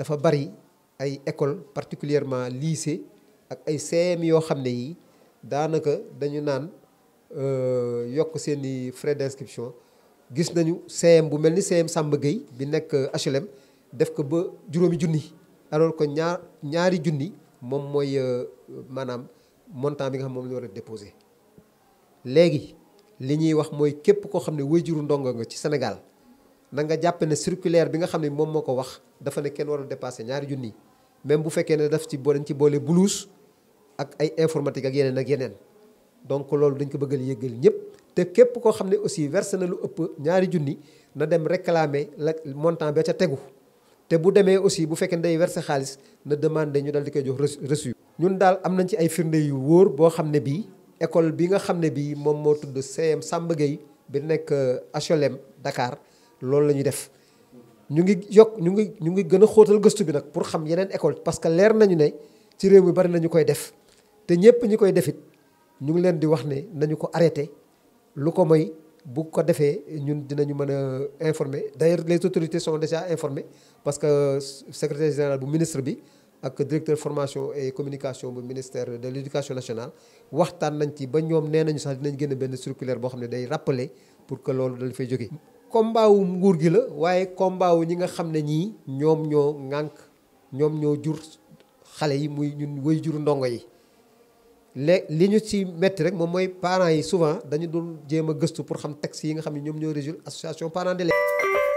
dafa bari ay école particulièrement lycée ak ay CM yo xamné yi danaka dañu nan euh yok i frais d'inscription gis nañu CM bu melni CM Samba Gueye bi nek euh, HLM def ko ba juromi junni alors que ñaar ñaari junni mom moy euh, manam montant bi nga xam moom la war a déposé li ñuy wax moy képp ko xamné ne ndonga nga ci Sénégal da nga jàpp ne circulaire bi nga xam ne moom moo ko wax dafa ne kenn warul dépasser ñaari junni même bu fekkee ne daf ci boo ci boole blouse ak ay informatique ak yeneen ak yeneen donc loolu dañ ko bëggal yëggal ñëpp te képp koo xam ne aussi versé na lu ëpp ñaari junni na dem réclamer la montant ba ca tegu te bu demee aussi bu fekkee day versé xaalis na demandé ñu dal di koy jox reçu ñun daal am nañ ci ay firnde yu wóor boo xam ne bii école bi nga xam ne bii moom moo tudd CM Samba Gueye bi nekk euh, HLM Dakar loolu la ñuy def ñu ngi yokk ñu ngi ñu ngi gën a xóotal gëstu bi nag pour xam yeneen école parce que leer nañu ne ci réew mi bari nañu koy def te ñëpp ñi koy defit ñu ngi leen di wax ne nañu ko arrêté lu ko moy bu ko defee ñun dinañu mën a informer d'ailleurs les autorités sont déjà informées parce que secrétaire général bu ministre bi ak directeur formation et communication bu ministère de l'éducation nationale waxtaan nañ ci ba ñoom nee nañu sax dinañ génn benn circulaire boo xam ne day rappeler pour que loolu dal fay jóge combat nguur gi la waaye combat ñi nga xam ne ñii ñoom ñoo ŋànk ñoom ñoo jur xale yi muy ñun way juru ndongo yi le li ñu ci metti rek moom mooy parents yi souvent dañu dul jéem a gëstu pour xam texte yi nga xam ne ñoom ñoo régir association parents d'élèves